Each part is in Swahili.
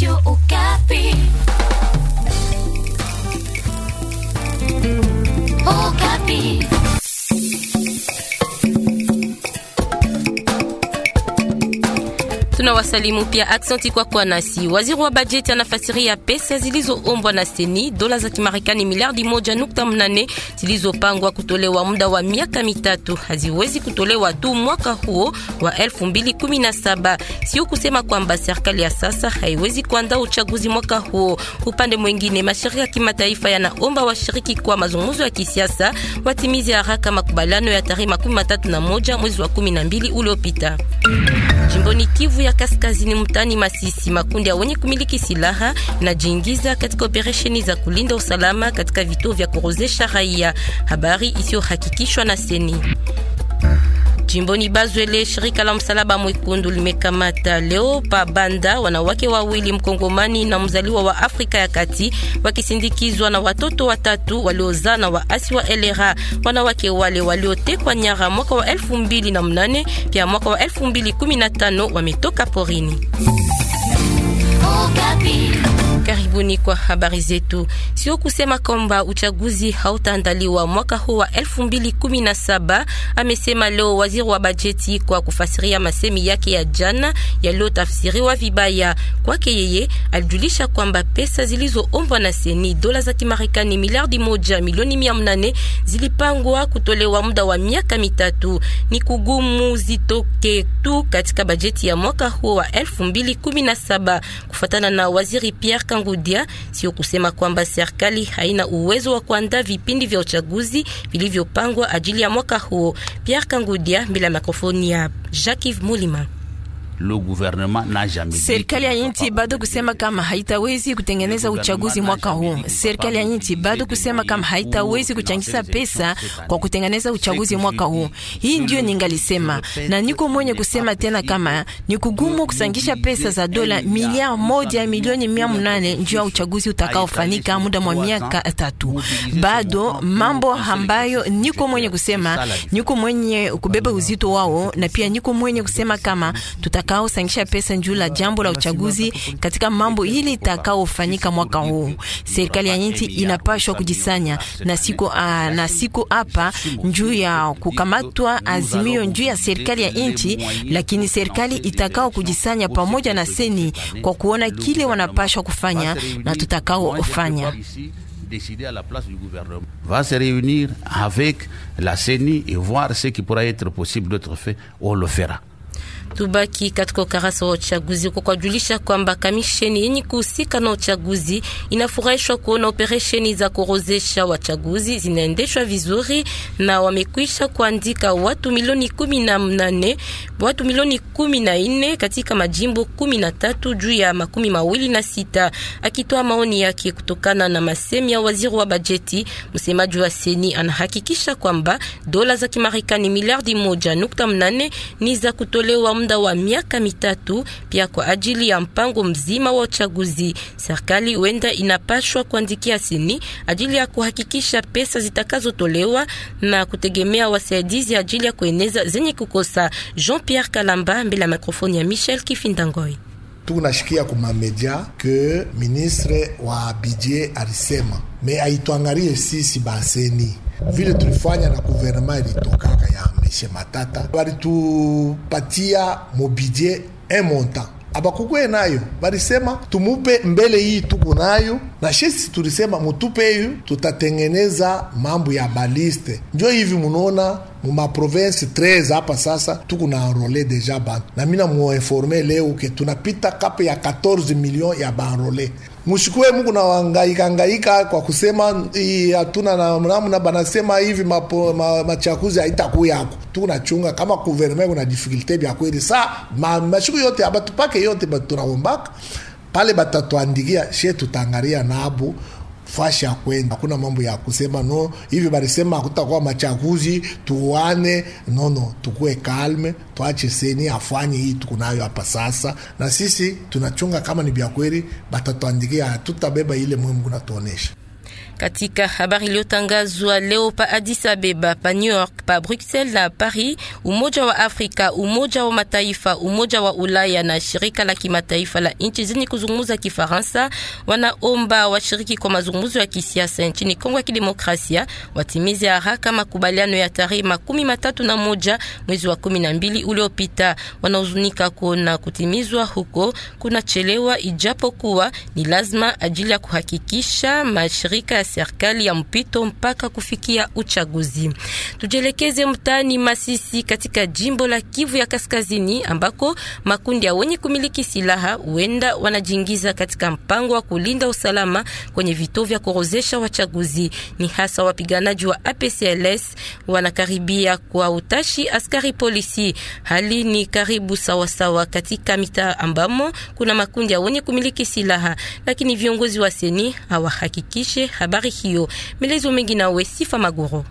Radio Ucapi wasalimu pia. aksenti kwa kwa nasi. Waziri wa bajeti anafasiria pesa zilizoombwa na seni dola za Kimarekani miliardi moja nukta mnane zilizopangwa kutolewa muda wa miaka mitatu haziwezi kutolewa tu mwaka huo wa elfu mbili saba Sio kusema kwamba serikali ya sasa haiwezi kuandaa uchaguzi mwaka huo. Upande mwingine, mashirika ya kimataifa yanaomba washiriki kwa mazungumzo ya kisiasa watimize haraka makubaliano ya tarehe moja mwezi wa mbili uliopita. Jimboni Kivu ya Kasi kaskazini mtani Masisi, makundi ya wenye kumiliki silaha inajiingiza katika operesheni za kulinda usalama katika vituo vya kurozesha raia. Habari isiyohakikishwa na seni Jimboni Bazwele, shirika la Msalaba Mwekundu limekamata leo pa Banda wanawake wawili mkongomani na mzaliwa wa Afrika ya Kati wakisindikizwa na watoto watatu waliozaa na waasi wa elera. Wanawake wale waliotekwa nyara mwaka wa 2008 pia mwaka wa 2015 wametoka porini. Karibuni kwa habari zetu. Sio kusema kwamba uchaguzi hautaandaliwa mwaka huu wa 2017, amesema leo waziri wa bajeti kwa kufasiria masemi yake ya jana yaliyotafsiriwa vibaya. Kwake yeye, alijulisha kwamba pesa zilizoombwa na seni dola za Kimarekani miliardi moja milioni mia nane zilipangwa kutolewa muda wa miaka mitatu. Ni kugumu zitoke tu katika bajeti ya mwaka huu wa 2017 kufuatana na waziri Pierre Kangudia, sio kusema kwamba serikali haina uwezo wa kuandaa vipindi vya uchaguzi vilivyopangwa ajili ya mwaka huo. Pierre Kangudia bila mikrofoni ya Jacques Mulima le gouvernement n'a jamais. Serikali ya nchi bado kusema kama haitawezi kutengeneza uchaguzi mwaka huu. Serikali ya nchi bado kusema kama haitawezi kuchangisa pesa kwa kutengeneza uchaguzi mwaka huu. Hii ndio ningalisema, na niko mwenye kusema tena kama ni kugumu kusangisha pesa za dola milia moja milioni mia mnane njuu ya uchaguzi utakaofanyika muda mwa miaka tatu. Bado mambo ambayo niko mwenye kusema, niko mwenye kubeba uzito wao, na pia niko mwenye kusema kama tutaka utakao utakaosangisha pesa juu la jambo la uchaguzi katika mambo ili itakaofanyika mwaka huu. Serikali ya nchi inapashwa kujisanya na siku ah, na siku hapa njuu ya kukamatwa azimio njuu ya serikali ya nchi, lakini serikali itakao kujisanya pamoja na seni kwa kuona kile wanapashwa kufanya na tutakaofanya décider à la place du gouvernement va se réunir avec la CENI et voir ce qui pourra être possible d'être fait, on le fera. Tubaki katika ukarasa wa uchaguzi kwa kujulisha kwamba kamisheni yenye kuhusika na uchaguzi inafurahishwa kuona operesheni za kurozesha wachaguzi zinaendeshwa vizuri na wamekwisha kuandika watu milioni kumi na nane watu milioni kumi na nne katika majimbo kumi na tatu juu ya makumi mawili na sita. Akitoa maoni yake kutokana na masemi ya waziri wa bajeti, msemaji wa seni anahakikisha kwamba dola za Kimarekani miliardi moja nukta mnane ni za kutolewa muda wa miaka mitatu, pia kwa ajili ya mpango mzima wa uchaguzi. Serikali huenda inapashwa kuandikia sini ajili ya kuhakikisha pesa zitakazotolewa na kutegemea wasaidizi ajili ya kueneza zenye kukosa. Jean Pierre Kalamba mbele ya mikrofoni ya Michel Kifindangoi. Tunashikia kuma media ke ministre wa budget alisema me aitwangarie sisi baseni vile tulifanya na guvernema ilitokaka ya Patrice Matata walitupatia mobidie un montant abakukuye nayo balisema tumupe mbele hii tuko nayo na shesi, tulisema mutupeyu, tutatengeneza mambo ya baliste. Njo hivi munaona mumaprovensi 13 hapa sasa tuku na enrole deja bantu, na mina muinforme leo ke tunapita kape ya 14 milioni ya banrole mshukue Mungu na wangaika ngaika kwa kusema hatuna na namna, banasema hivi mapo, ma, machakuzi haitakuwa yako. Tunachunga kama gouvernement kuna difficulty bya kweli sa ma, mashuku yote abatupake yote batunaombaka pale batatuandikia shetu tutangaria nabo na ya kwenda, hakuna mambo ya kusema no hivi balisema hakutakuwa machaguzi tuane. Nono, tukue kalme, tuache seni afanye hii tukunayo hapa sasa, na sisi tunachunga kama ni vya kweli, batatuandikia tutabeba ile mwemu kunatuonesha katika habari iliyotangazwa leo pa Addis Abeba, pa New York, pa Bruxelles na Paris, Umoja wa Afrika, Umoja wa Mataifa, Umoja wa Ulaya na shirika la kimataifa la nchi zenye kuzungumza Kifaransa wanaomba washiriki kwa mazungumzo ya kisiasa nchini Kongo ya Kidemokrasia watimize haraka makubaliano ya tarehe makumi matatu na moja mwezi wa kumi na mbili uliopita. Wanahuzunika kuona kutimizwa huko kunachelewa, ijapokuwa ni lazima ajili ya kuhakikisha mashirika ya serikali ya mpito mpaka kufikia uchaguzi. Tujielekeze mtaani Masisi katika jimbo la Kivu ya Kaskazini ambako makundi ya wenye kumiliki silaha huenda wanajiingiza katika mpango wa kulinda usalama kwenye vituo vya kurozesha wachaguzi. Ni hasa wapiganaji wa APCLS wanakaribia kwa utashi askari polisi. Hali ni karibu sawasawa katika mitaa ambamo kuna makundi ya wenye kumiliki silaha, lakini viongozi wa seni hawahakikishe habari hiyo. Melezo mengi nawe Sifa Magoro.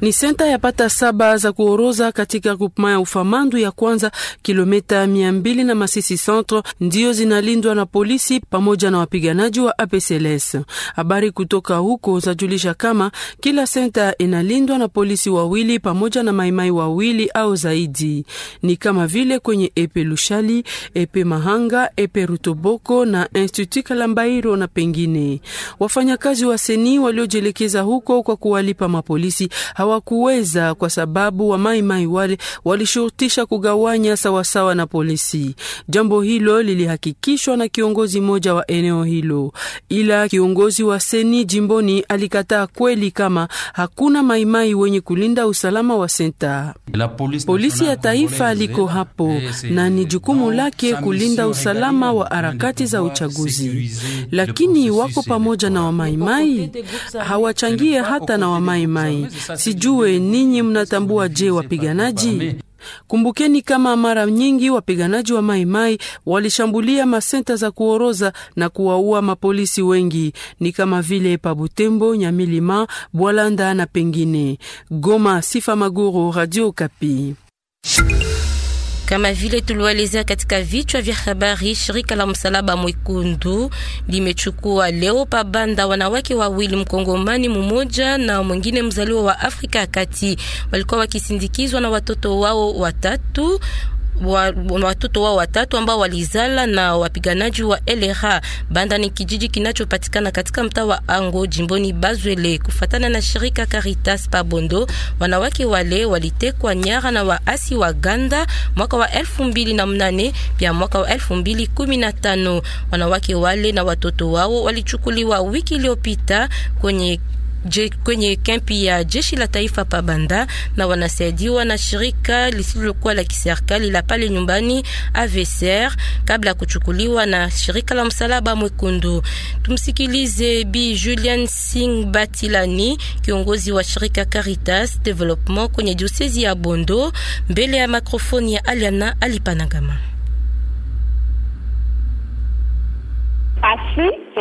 Ni senta ya pata saba za kuoroza katika groupement ya Ufamandu ya kwanza kilomita mia mbili na Masisi centre ndiyo zinalindwa na polisi pamoja na wapiganaji wa APCLS. Habari kutoka huko zajulisha kama kila senta inalindwa na polisi wawili pamoja na maimai wawili au zaidi, ni kama vile kwenye Epe Lushali, Epe Mahanga, Epe Rutoboko na Institut Kalambairo na pengine. Wafanyakazi wa seni waliojielekeza huko kwa kuwalipa mapolisi hawakuweza kwa sababu wamaimai wale walishurutisha kugawanya sawasawa na polisi. Jambo hilo lilihakikishwa na kiongozi mmoja wa eneo hilo, ila kiongozi wa seni jimboni alikataa kweli kama hakuna maimai wenye kulinda usalama wa senta. Polisi ya taifa liko hapo eh, na ni jukumu lake kulinda usalama wa harakati za uchaguzi, lakini wako pamoja na wamaimai, hawachangie hata na wamaimai si tujue ninyi mnatambua, je, wapiganaji? Kumbukeni kama mara nyingi wapiganaji wa Maimai walishambulia masenta za kuoroza na kuwaua mapolisi wengi, ni kama vile Pabutembo, Nyamilima, Bwalanda na pengine Goma. Sifa Maguru, Radio Kapi. Kama vile tulielezea katika vichwa vya habari, shirika la Msalaba Mwekundu limechukua leo pabanda wanawake wawili, mkongomani mmoja na mwingine mzaliwa wa Afrika ya Kati, walikuwa wakisindikizwa na watoto wao watatu wa, watoto wao watatu ambao walizala na wapiganaji wa LRA. Banda ni kijiji kinachopatikana katika mtaa wa Ango jimboni Bazwele. Kufatana na shirika Caritas Pabondo, wanawake wale walitekwa nyara na waasi wa Ganda mwaka wa mnane pia mwaka wa tano. Wanawake wale na watoto wao walichukuliwa wiki iliyopita kwenye je, kwenye kempi ya jeshi la taifa pa Banda na wanasaidiwa na shirika lisilokuwa la kiserikali la pale nyumbani AVCR kabla ya kuchukuliwa na shirika la msalaba mwekundu. Tumsikilize Bi Julian Singh Batilani, kiongozi wa shirika Caritas Development kwenye diosezi ya Bondo mbele ya makrofoni ya Aliana Alipanagama.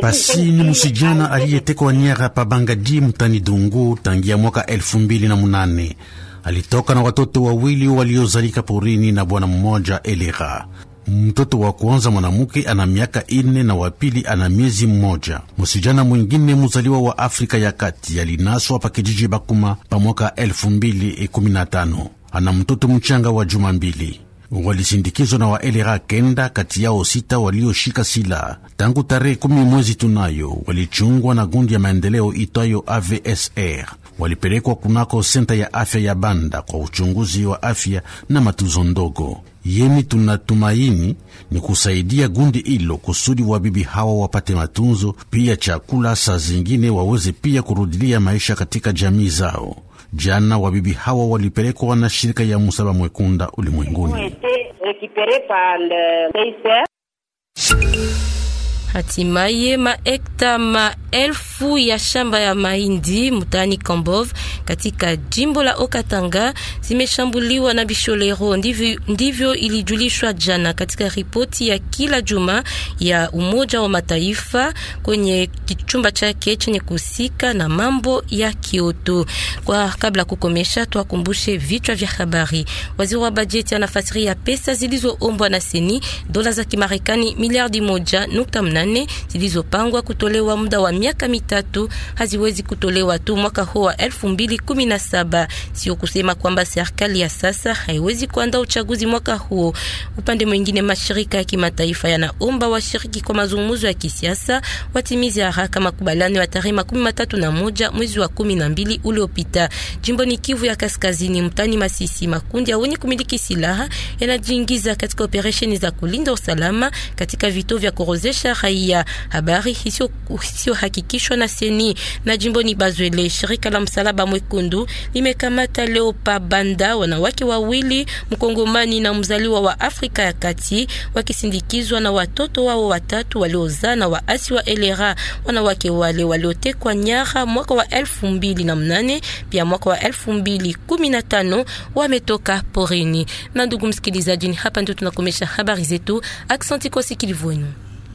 Pasi ni msijana aliyetekwa nyara pa Bangadi mtani Dungu tangia mwaka elfu mbili na munane. Alitoka na watoto wawili waliozalika porini na bwana mmoja Elera. Mtoto wa kwanza mwanamke ana miaka ine na wa pili ana miezi mmoja. Musijana mwingine muzaliwa wa Afrika ya Kati alinaswa pa kijiji Bakuma pa mwaka elfu mbili kumi na tano. Ana mtoto mchanga wa juma mbili. Walisindikizwa na waelera kenda, kati yao sita walioshika sila Tangu tarehe kumi mwezi tunayo, walichungwa na gundi ya maendeleo itwayo AVSR. Walipelekwa kunako senta ya afya ya Banda kwa uchunguzi wa afya na matuzo ndogo. Yemi tunatumaini ni kusaidia gundi hilo kusudi bibi hawa wapate matunzo pia chakula, saa zingine waweze pia kurudilia maisha katika jamii zao. Jana wabibi hawa walipelekwa na shirika ya Msalaba Mwekunda ulimwenguni. Hatimaye maekta maelfu ya shamba ya mahindi mutani Kambov katika jimbo la Okatanga zimeshambuliwa na bisholero. Ndivyo, ndivyo ilijulishwa jana katika ripoti ya kila juma ya Umoja wa Mataifa kwenye kichumba chake chenye kuhusika na mambo ya Kyoto. Kwa kabla kukomesha, twakumbushe vichwa vya habari. Waziri wa bajeti anafasiria pesa zilizoombwa na seni dola za Kimarekani miliardi moja nukta mnane nane zilizopangwa kutolewa muda wa miaka mitatu haziwezi kutolewa tu mwaka huu wa elfu mbili kumi na saba. Sio kusema kwamba serikali ya sasa haiwezi kuandaa uchaguzi mwaka huo. Upande mwingine, mashirika ya kimataifa yanaomba washiriki kwa mazungumzo ya kisiasa watimize haraka makubaliano ya tarehe makumi matatu na moja mwezi wa kumi na mbili uliopita. Jimboni Kivu ya Kaskazini, mtani Masisi, makundi ya wenye kumiliki silaha yanajiingiza katika operesheni za kulinda usalama katika vituo vya kurozesha raia raia, habari isiyohakikishwa na seni. Na jimbo ni Bazwele, shirika la msalaba mwekundu limekamata leo pa Banda wanawake wawili mkongomani na mzaliwa wa Afrika ya Kati wakisindikizwa na watoto wao watatu waliozaa na waasi wa Elera. Wanawake wale waliotekwa nyara mwaka wa elfu mbili na mnane pia mwaka wa elfu mbili kumi na tano wametoka porini. Na ndugu msikilizaji, hapa ndio tunakomesha habari zetu. Aksanti kwa sikilivu sikilivwenu.